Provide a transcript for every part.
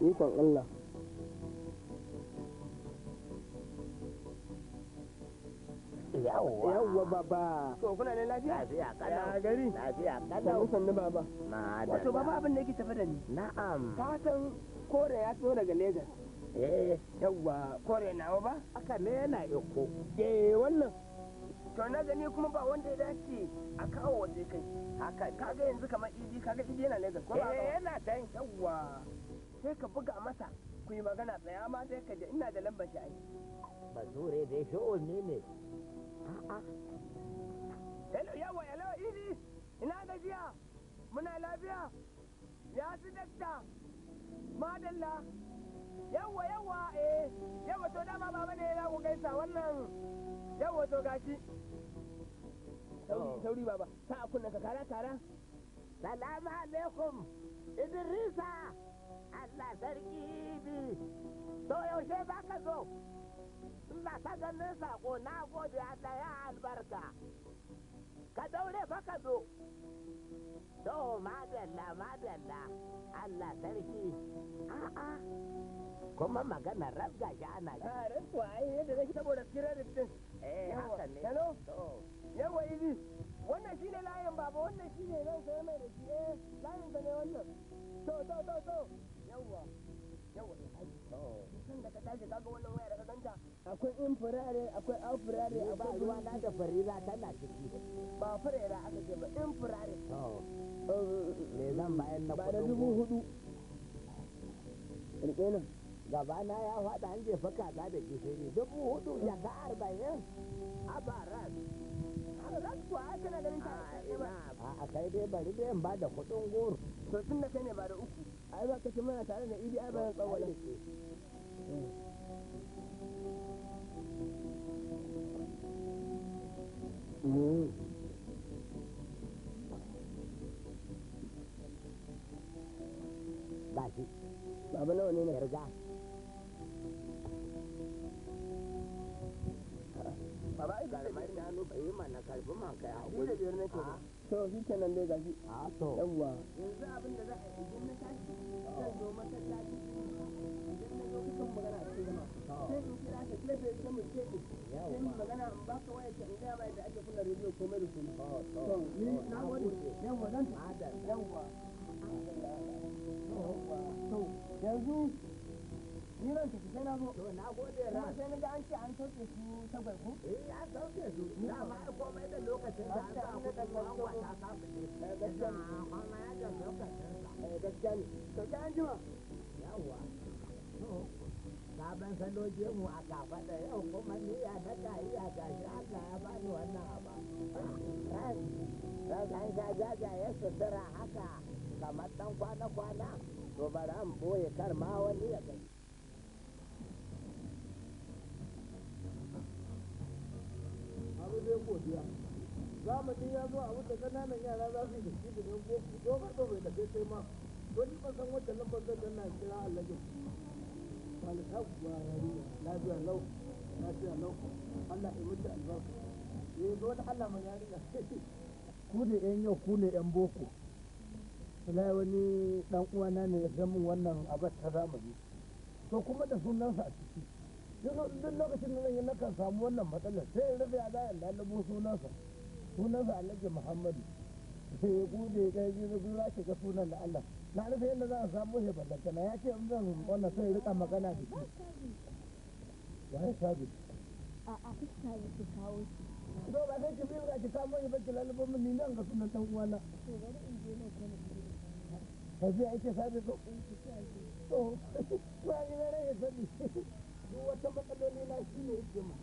ikon Allah yawwa baba so kuna ne lafiya lafiya kada ya gari lafiya kada ku sanni baba madalla wato baba abin da yake tafe da ni na'am fatan kore ya tso daga Lagos eh yawwa kore nawa ba aka ne yana iko eh wannan to na gani kuma ba wanda ya dace a kawo waje kai haka kaga yanzu kamar idi kaga idi yana Lagos ko ba eh, yana dan yawwa sai ka buga masa ku yi magana tsaya ma sai ka je ina da lambar shi ai bazure dai sho'on ne ne hello yawa hello idi ina gajiya muna lafiya ya su dakta madalla yawa yawa eh yawa to dama baba ne ya ku gaisa wannan yawa to gashi sauri baba sa a kunna ka kara kara salamu alaikum idrisa sarki bi to yaushe za ka zo in ina ta ganin sako na gode Allah ya albarka ka daure fa ka zo to madalla madalla Allah sarki a'a kuma magana rasga shi ana ji. A rasga a yi ah, yadda zai saboda credit din. Eh haka ne. Hello? Yawa izi. Wannan shine layin baba wannan shine ne sai mai da shi eh layin sa ne wannan. To to to to. yawa yawa tun akwai ruwa na da farira tana ciki ba aka ce ba zan na dubu hudu ya faɗa an jefa kaza da gishiri dubu hudu ya arba'in a ah, kai dai bari dai ba da goro to tun da kai ne ba da uku ai ba kace mana tare da idi ai ba zan tsawala Mm-hmm. babu nawa ne na riga Baba, ba gari mai da hannu bai ma na karfi ma kai a gure biyar na nake ah. to shi kenan dai gashi a ah, to yawa yanzu abin da za a yi na tashi zo masallaci idan a cikin waya da ake na yanzu ni ran sai na zo na gode sai na ga an ce an sauke su ta barku eh an sauke su komai da lokacin da an sauke su an ta su gaskiya ne to ta an jima yawwa to sabon salo gemu a kafaɗa yau kuma ni ya ta kayi a gashi Allah ya bani wannan abu ran ran ga jaja ya sutura haka kamar dan kwana-kwana to bari an boye kar ma wani ya gani abu zai godiya zamani ya zo abu da kananan yara za su yi da shi da yan boko dogon dogon da sai ma wani ban wata lambar kira lafiya lau lafiya lau allah ya albarka wani allah mai ku ne yan yau ku ne yan boko ila wani dan uwana ne ya zama wannan abar ta zamani to kuma da sunansa a ciki duk lokacin da zan yi nakan samu wannan matsalar sai in rufe a zayan lalubo sunansa sunansa alhaji muhammadu sai ya gude ya gaji zura shiga sunan da allah na rufe yadda za a samu shi ballanta na ya ce in zan wannan sai rika magana da shi waye sabi a a fuska ya ki kawo shi to ba sai ki bi ga ki samu shi ba ki lalubo min ni nan ga sunan dan uwana to bari in je nan kana tafiya ake sabi ko to ba ni na rage sabi duk wata matsaloli na shi ne yake ma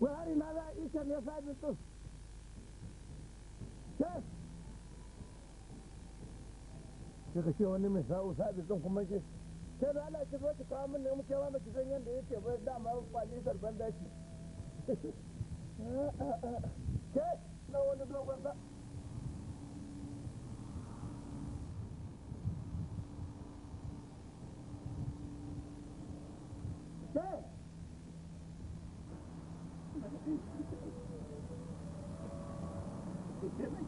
wai har ina za a ne sabin sabi tsin sai ka ce wani mai sa'o sabin tun kuma Ke sai da ala ce ki kawo min da muke ba mace san yadda yake bai dama kwali sarban dashi ke na wani dogon sa Yeah.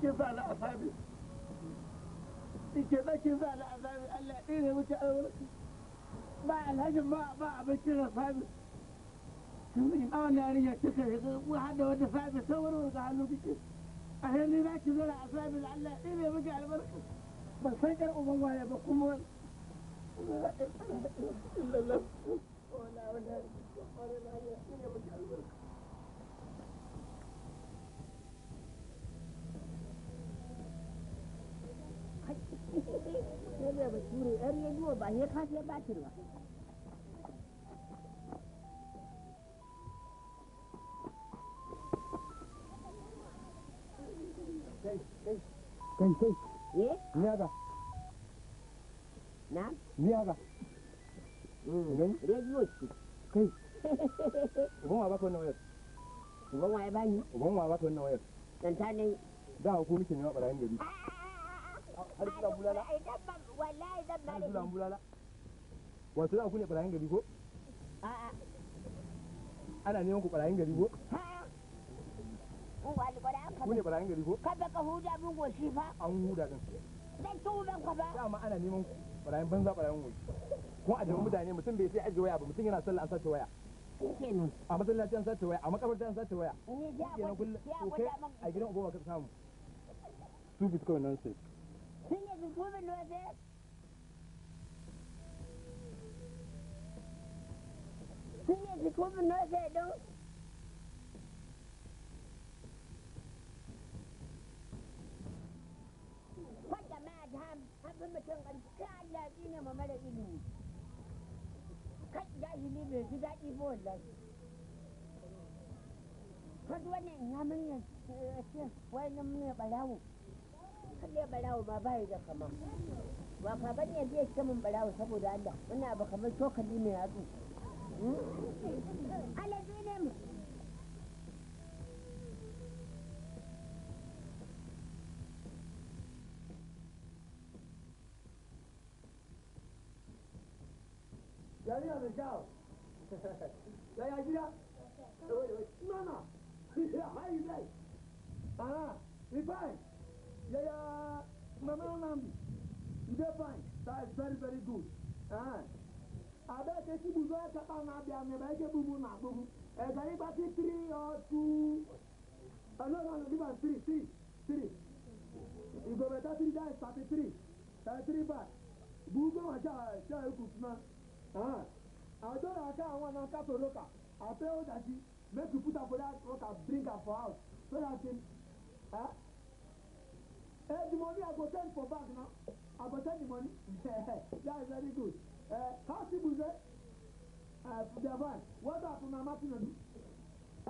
كيف على أصحابي كيف كيف على أصحابي ألا إيه وتأولك مع الهجم ما ما بشير أصحابي سمين أنا أنا يتكه وحد وده فاهم يصور وقال له كيف أهلي ما كذا على أصحابي لعل إيه وجع البركة بس فجر وما يا بقوم لا إلا الله ولا ولا ولا لا إيه وجع البركة da bature yan rediyo ba ya kashi ya ba kai kai eh na mm, rediyo kai bani uban wa dan ta ne da hukumi ne gari ah! har suna bulala har suna bulala wato za ku ne barayin gari ko ana neman ku barayin gari ko ku ne barayin gari ko kada ka huda min goshi fa an huda zan ka ba dama ana neman ku barayin banza barayin goshi ko a jami'in mutane mutum bai sai ajiye waya ba mutum yana sallah an sace waya a masallaci an sace waya a makabarta an sace waya a gidan ugowa ka samu stupid kawai nonsense Thing is, a woman was it. Thing is, a woman was it, don't Kwanta ma ham, in mutum kan kalla ina ma mara ilimi. Kan jahili bai ji daɗi ba wallahi. Kan wannan ya mun yi wani mai ɓarawo. Yeah, yeah, yeah. Yeah, yeah, yeah. ba ka bane yanzu ya ce min barawo saboda Allah wannan abu kamar cokali mai hatsu alaji ne mu Yaya da kyau. Yaya gida? Mama, hai dai. Ah, rifai. yaya mama Nnamdi you dey fine that is very very good abeg ah. esi buzo ekapa na-abịa mebe eke bubu na akpụbu ega ịgbati 3 or 2 ah, no no no give am 3 3 3 you go beta 3 that is 33 33 back bugo wacha cha ekwutuna adoro ah. aka àwọn na aka toroka apẹ odaji make you put up for that rocker bring am for house so that him. Uh, Uh, the money I go send for bank now. I go send the money. that is very good. Uh, how simple is it? Uh, Javan, what about Mama Tinubu?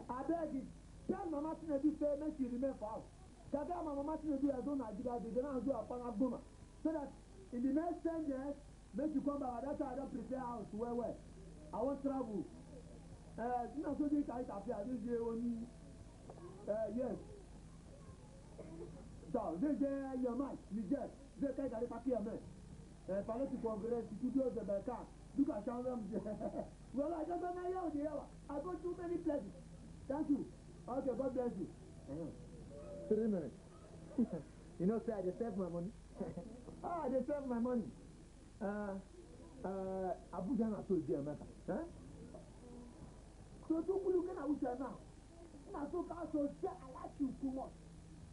I beg it. Tell Mama Tinubu say make you remain for house. Kaka ma Mama Tinubu has done Nigeria dey dey now do Apana Goma. So that in the next ten years, make you come back. That's how I don prepare house well well. I wan travel. Uh, eh, na so dey carry tafe I dey dey only. Uh, yes. Deja Yamash, Niger, zai kai gari tafiya mai. Falati Congress, Studio Zebeka, duka shan ramje. Well, I just don't yau da yawa. I go too many places. Thank you. Okay, God bless you. Uh-huh. Three minutes. you know, sir, I just saved my money. ah, I just saved my money. Uh, uh, Abuja na so di America. Huh? So, don't look at Abuja now. Na so ka so say I like you too much.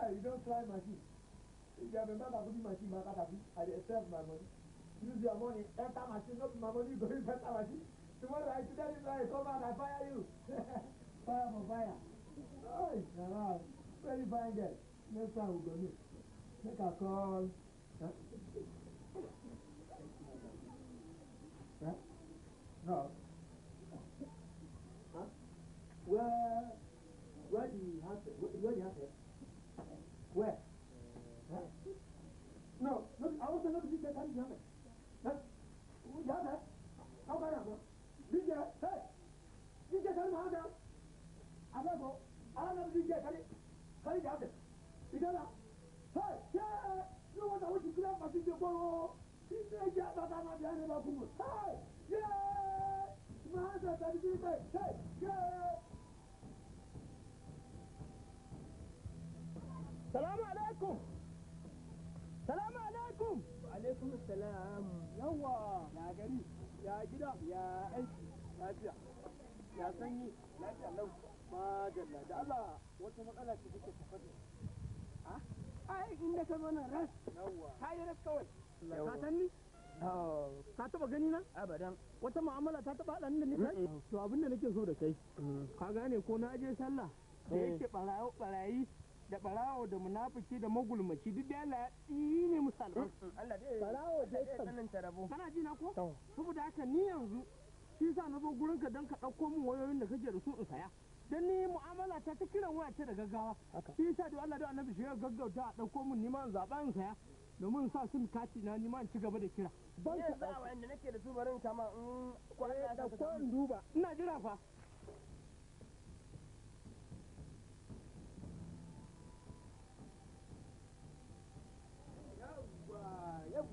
guy you don't try machine if you are member of the machine maka tabi i dey serve my money use your money enter machine no be my money you go use enter machine tomorrow i today this night come out i fire you fire for fire oi na na very fine girl next time we go meet make i call. Huh? Huh? No. Huh? Where, where do you have, where, where do you have it? Where? Huh? No, look, I want to know this that is not it. Huh? Yeah, that. How about that? This year, hey, this year, tell me how that. I'm not going. I don't know this year, tell it. Tell it, tell it. You tell that. Hey, yeah, you want to watch the club, but you don't go. This year, yeah, that's not the end of Hey! salamu alaikum salamu alaikum alaikum salam yawa ya gari ya gida ya aiki lafiya ya sanyi lafiya lau madalla da Allah wata matsala ce ta tafa Ha? Ah? ai inda ka zo nan ras yawa Ka yi ras kawai ka san ni ka taba gani na abadan wata mu'amala ta taba dan da ni kai to abinda nake so da kai mm. ka gane ko na je sallah da eh. yake barayi da barawo da munafiki da magulmaci duk da Allah yi ne musalman Allah barawo da sanin tarabo kana ji na ko saboda haka ni yanzu shi sa na zo gurinka don ka ɗauko min wayoyin da kake da su in saya Don ni mu'amala ta ta kiran waya ta da gaggawa shi sa da Allah da annabi shi gaggauta a ɗauko min niman ma in saya domin sa sun kati na niman ci gaba da kira ban ka da wanda nake da su barin kama in eh, kwana da duba ina jira fa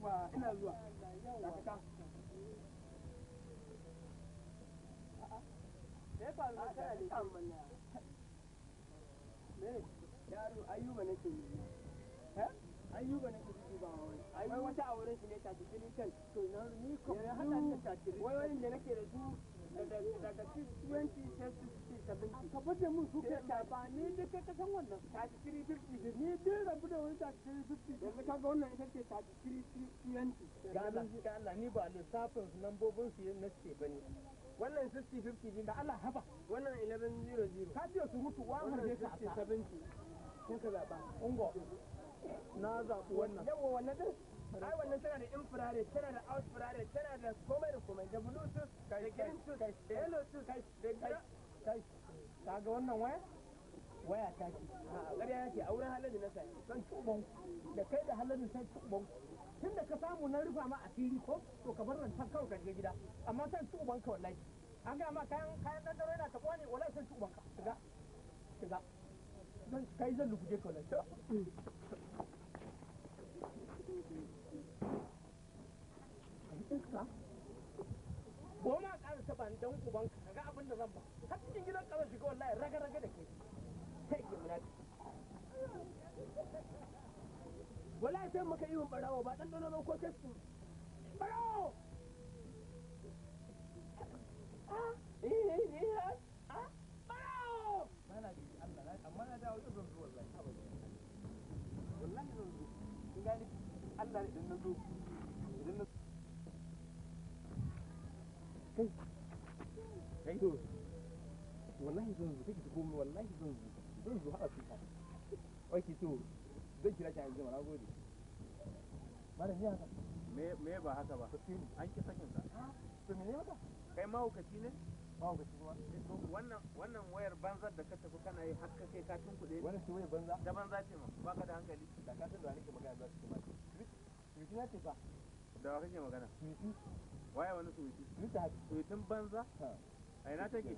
yawwa ina zuwa dakata me faru da yaro ayyuba ayyuba duba wata shi ne to na ni ya hada ta wani da nake da su daga mun su da kai ka san wannan 3350 ni dai rabu da yanzu ka ga wannan ita ce ga Allah ga Allah ni ba lissafin lambobin su na ce bane wannan 6050 din da Allah haba wannan 1100 ka biyo su mutu wa har dai ka 70 ka zaba ungo na zabu wannan yawa wannan din ai wannan tana da infrared tana da outfrared tana da komai da komai da bluetooth da green tooth da yellow tooth da kai ta ga wannan waya waya ta ce a ƙarya yake a wurin halin na sai san tuban da kai da halin sai tuban tun da ka samu na rufa ma a asiri ko to ka bar rantar kawai ka je gida amma san tuban ka wallahi an ga ma kayan kayan dan dare yana tabuwa ne wallahi san tuban ka shiga shiga kai zan lukuje ka wallahi iska ko ma ƙara taɓa dan abin da zan ba har cikin gidan ƙara shiga wallahi raga raga da ke sai ke wallahi sai muka yi barawo ba dan ko kai su barawo ah eh eh, eh, eh ah barawo ah, mana bi Allah na amma na dawo da zuwa wallahi wallahi zan zo kin gani Allah ne dan zo sai ki wallahi zan zo zan zo to zan kira ki na gode haka me ba haka ba an ki sakin sa to me haka kai ne eh, wannan wannan wayar banzar da ka tafi kana yi har kai ka tunkuɗe wannan wayar banza da banza ce ma baka da hankali da ka san da nake magana za su ci ce da wa kake magana banza a ina take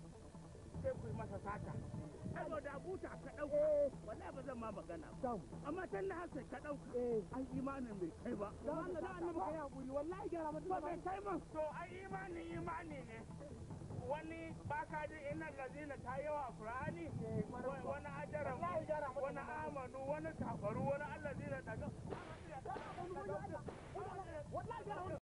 sai masa sata saboda abuta ka ɗauka eh. wallahi ba zan ma magana ba amma tan na hasa ka ɗauka eh. an imanin bai kai ba da Allah da annabi wallahi gyara ba bai kai ma to imani ne wani baka ji inna lazina ta yawa eh, a wani ajara wani amanu wani kafaru wani allazina daga wallahi gyara